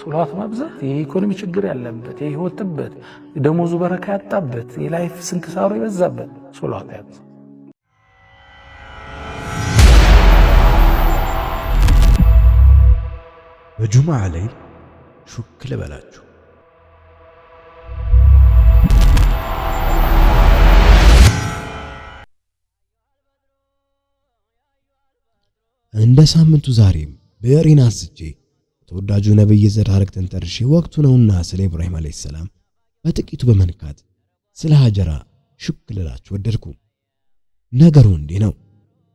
ሶላት ማብዛት የኢኮኖሚ ችግር ያለበት የህይወት ጥበት ደሞዙ በረካ ያጣበት የላይፍ ስንክሳሩ የበዛበት ሶላት ያብዛ። በጁምዓ ላይ ሹክ ልበላችሁ። እንደ ሳምንቱ ዛሬም ብዕሬን አዝጄ ተወዳጁ ነቢይ ዘዳርግ ተንተርሼ ወቅቱ ነውና ስለ ኢብራሂም አለይሂ ሰላም በጥቂቱ በመንካት ስለ ሀጀራ ሹክ ልላችሁ ወደድኩ። ነገሩ እንዲህ ነው።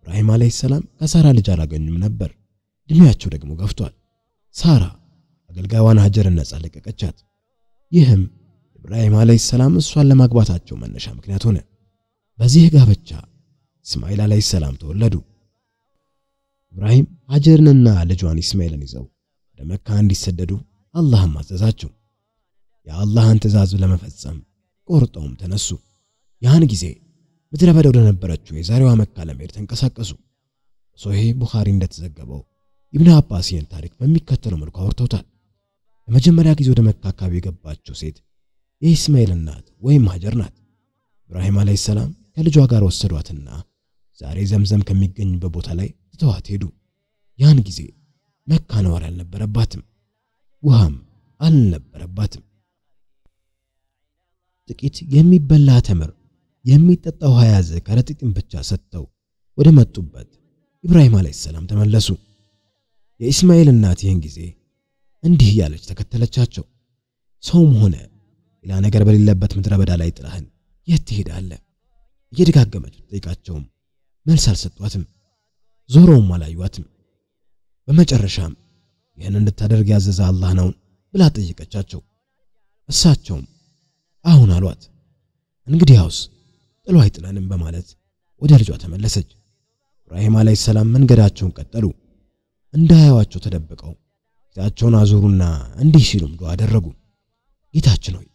ኢብራሂም አለይሂ ሰላም ከሳራ ልጅ አላገኙም ነበር። እድሜያቸው ደግሞ ገፍቷል። ሳራ አገልጋይዋን ሀጀርን ነጻ ለቀቀቻት። ይህም ኢብራሂም አለይሂ ሰላም እሷን ለማግባታቸው መነሻ ምክንያት ሆነ። በዚህ ጋብቻ እስማኤል አለይሂ ሰላም ተወለዱ። ኢብራሂም ሀጀርንና ልጇን እስማኤልን ይዘው ወደ መካ እንዲሰደዱ አላህም አዘዛቸው። የአላህን ትእዛዝ ለመፈጸም ቆርጠውም ተነሱ። ያን ጊዜ ምድረ በዳ ወደ የዛሬዋ መካ ለመሄድ ተንቀሳቀሱ። ሶሂህ ቡኻሪ እንደተዘገበው ኢብኑ አባስ ይህን ታሪክ በሚከተለው መልኩ አውርተውታል። ለመጀመሪያ ጊዜ ወደ መካ አካባቢ የገባችው ሴት የኢስማኤል እናት ወይም ሀጀር ናት። ኢብራሂም ዓለይሂ ሰላም ከልጇ ጋር ወሰዷትና ዛሬ ዘምዘም ከሚገኝበት ቦታ ላይ ትተዋት ሄዱ። ያን ጊዜ መካ ነዋሪ አልነበረባትም፣ ውሃም አልነበረባትም። ጥቂት የሚበላ ተምር፣ የሚጠጣ ውሃ የያዘ ከረጢትን ብቻ ሰጥተው ወደ መጡበት ኢብራሂም አለይሂ ሰላም ተመለሱ። የኢስማኤል እናት ይህን ጊዜ እንዲህ እያለች ተከተለቻቸው። ሰውም ሆነ ሌላ ነገር በሌለበት ምድረ በዳ ላይ ጥላህን የት ትሄዳለህ? እየደጋገመች ጠይቃቸውም መልስ አልሰጧትም። ዞረውም አላዩአትም። በመጨረሻም ይህን እንድታደርግ ያዘዘ አላህ ነው። ብላ ጠየቀቻቸው። እሳቸውም አሁን አሏት። እንግዲያውስ ጥሎ አይጥለንም በማለት ወደ ልጇ ተመለሰች። ኢብራሂም አለይሂ ሰላም መንገዳቸውን ቀጠሉ። እንዳያዋቸው ተደብቀው ፊታቸውን አዞሩና እንዲህ ሲሉም ዱዓ አደረጉ። ጌታችን ሆይ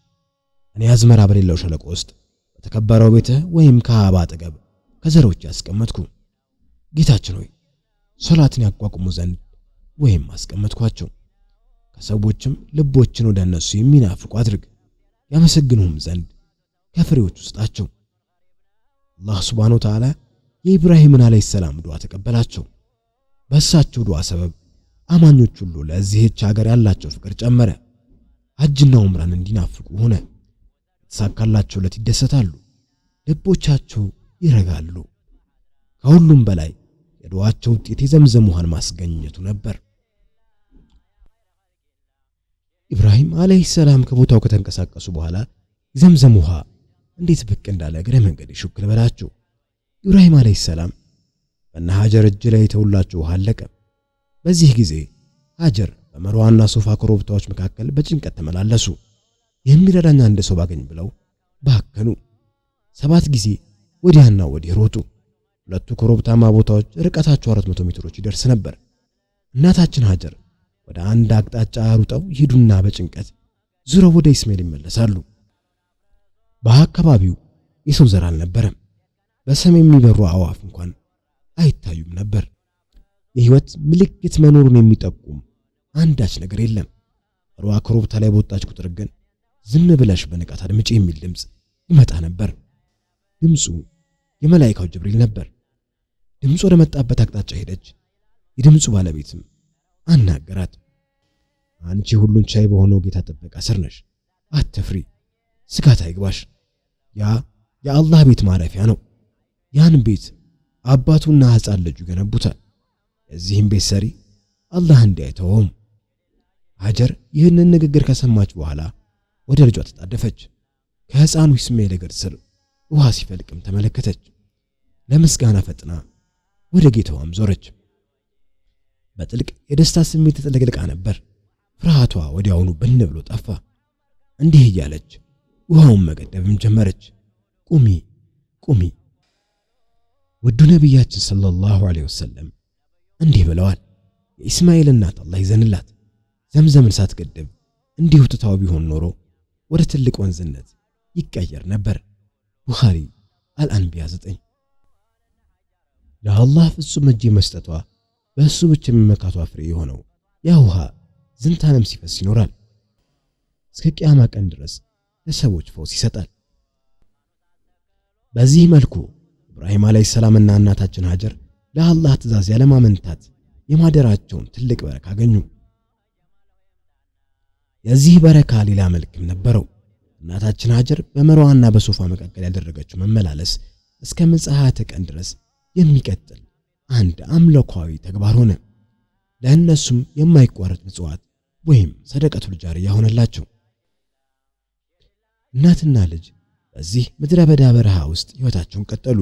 እኔ አዝመራ በሌለው ሸለቆ ውስጥ በተከበረው ቤተ ወይም ከአባ አጠገብ ከዘሮች ያስቀመጥኩ ጌታችን ሆይ ሶላትን ያቋቁሙ ዘንድ ወይም አስቀመጥኳቸው። ከሰዎችም ልቦችን ወደ እነሱ የሚናፍቁ አድርግ፣ ያመሰግኑም ዘንድ ከፍሬዎቹ ስጣቸው። አላህ ሱብሓነሁ ወተዓላ የኢብራሂምን ዓለይሂ ሰላም ዱዓ ተቀበላቸው። በእሳቸው ዱዓ ሰበብ አማኞች ሁሉ ለዚህች ሀገር ያላቸው ፍቅር ጨመረ። ሐጅና ዑምራን እንዲናፍቁ ሆነ። የተሳካላቸው ዕለት ይደሰታሉ፣ ልቦቻቸው ይረጋሉ። ከሁሉም በላይ የዱዓቸው ውጤት የዘምዘም ውሃን ማስገኘቱ ነበር። ኢብራሂም ዓለይሂ ሰላም ከቦታው ከተንቀሳቀሱ በኋላ ዘምዘም ውሃ እንዴት ብቅ እንዳለ እግረ መንገድ ሹክ ልበላችሁ። ኢብራሂም ዓለይሂ ሰላም በእነ ሀጀር እጅ ላይ የተውላችሁ ውሃ አለቀም። በዚህ ጊዜ ሀጀር በመርዋና ሶፋ ኮረብታዎች መካከል በጭንቀት ተመላለሱ። የሚረዳኝ አንድ ሰው ባገኝ ብለው ባከኑ። ሰባት ጊዜ ወዲያና ወዲህ ሮጡ። ሁለቱ ኮረብታማ ቦታዎች ርቀታቸው 400 ሜትሮች ይደርስ ነበር። እናታችን ሀጀር ወደ አንድ አቅጣጫ ሩጠው ይሄዱና በጭንቀት ዙረው ወደ ኢስማኤል ይመለሳሉ። በአካባቢው የሰው ዘር አልነበረም። በሰም የሚበሩ አዋፍ እንኳን አይታዩም ነበር። የህይወት ምልክት መኖሩን የሚጠቁም አንዳች ነገር የለም። ሩዋ ኮረብታ ላይ በወጣች ቁጥር ግን ዝም ብለሽ በንቃት አድምጪ የሚል ድምፅ ይመጣ ነበር። ድምፁ የመላይካው ጅብሪል ነበር። ድምፁ ወደ መጣበት አቅጣጫ ሄደች። የድምፁ ባለቤትም አናገራት። አንቺ ሁሉን ቻይ በሆነው ጌታ ጥበቃ ስር ነሽ፣ አትፍሪ፣ ስጋት አይግባሽ። ያ የአላህ ቤት ማረፊያ ነው። ያን ቤት አባቱና ሕፃን ልጁ ገነቡታል። የዚህም ቤት ሰሪ አላህ እንዳይተወውም። ሀጀር ይህንን ንግግር ከሰማች በኋላ ወደ ልጇ ተጣደፈች። ከሕፃኑ ኢስማኤል እግር ስር ውሃ ሲፈልቅም ተመለከተች። ለምስጋና ፈጥና ወደ ጌታዋም ዞረች። በጥልቅ የደስታ ስሜት ተጠለቅልቃ ነበር። ፍርሃቷ ወዲያውኑ ብን ብሎ ጠፋ። እንዲህ እያለች ውሃውን መገደብም ጀመረች። ቁሚ ቁሚ። ውዱ ነቢያችን ሰለላሁ ዐለይሂ ወሰለም እንዲህ ብለዋል። የኢስማኤል እናት አላህ ይዘንላት ዘምዘምን ሳትገድብ እንዲሁ ትታው ቢሆን ኖሮ ወደ ትልቅ ወንዝነት ይቀየር ነበር። ቡኻሪ አልአንቢያ 9 ለአላህ ፍጹም እጅ መስጠቷ በእሱ ብቻ የሚመካቷ ፍሬ የሆነው ያ ውሃ ሲፈስ ይኖራል እስከ ቅያማ ቀን ድረስ ለሰዎች ፈውስ ይሰጣል። በዚህ መልኩ ኢብራሂም አለይሂ ሰላምና እናታችን ሀጀር ለአላህ ትእዛዝ ያለማመንታት የማደራቸውን ትልቅ በረካ አገኙ። የዚህ በረካ ሌላ መልክም ነበረው። እናታችን ሀጀር በመርዋና በሶፋ መካከል ያደረገችው መመላለስ እስከ ምጽአተ ቀን ድረስ የሚቀጥል አንድ አምልኮአዊ ተግባር ሆነ። ለእነሱም የማይቋረጥ ምጽዋት ወይም ሰደቀቱል ጃሪያ ሆነላቸው። እናትና ልጅ በዚህ ምድረ በዳ በረሃ ውስጥ ሕይወታቸውን ቀጠሉ።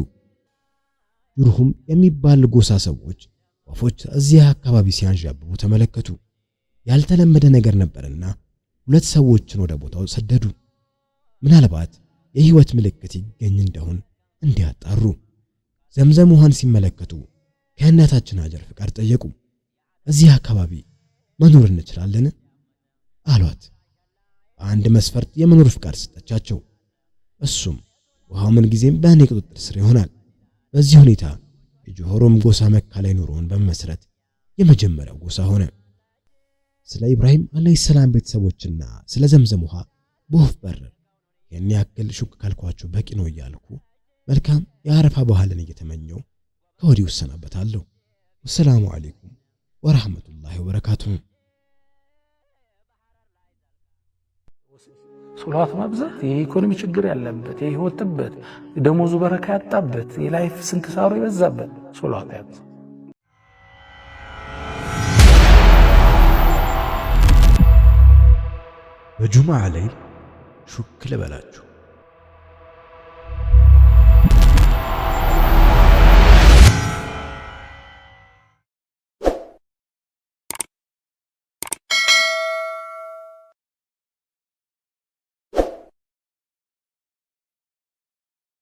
ጁርሁም የሚባል ጎሳ ሰዎች ወፎች እዚያ አካባቢ ሲያንዣብቡ ተመለከቱ። ያልተለመደ ነገር ነበርና ሁለት ሰዎችን ወደ ቦታው ሰደዱ። ምናልባት የሕይወት ምልክት ይገኝ እንደሆን እንዲያጣሩ። ዘምዘም ውሃን ሲመለከቱ ከእናታችን ሀጀር ፍቃድ ጠየቁ። እዚህ አካባቢ መኖር እንችላለን አሏት። በአንድ መስፈርት የመኖር ፍቃድ ሰጠቻቸው። እሱም ውሃው ምን ጊዜም በእኔ ቁጥጥር ስር ይሆናል። በዚህ ሁኔታ የጆሆሮም ጎሳ መካ ላይ ኑሮውን በመመስረት የመጀመሪያው ጎሳ ሆነ። ስለ ኢብራሂም አለይሂ ሰላም ቤተሰቦችና ስለ ዘምዘም ውሃ በወፍ በረር ይህን ያክል ሹክ ካልኳችሁ በቂ ነው እያልኩ መልካም የአረፋ ባህልን እየተመኘው ከወዲሁ እሰናበታለሁ። ወሰላሙ አሌይኩም ወረሐመቱላሂ ወበረካቱ። ሶላት ማብዛት የኢኮኖሚ ችግር ያለበት የህይወት ደሞዙ በረካ ያጣበት፣ የላይፍ ስንክሳሩ የበዛበት ሶላት ያብዛ። በጁማ ላይ ሹክ ልበላችሁ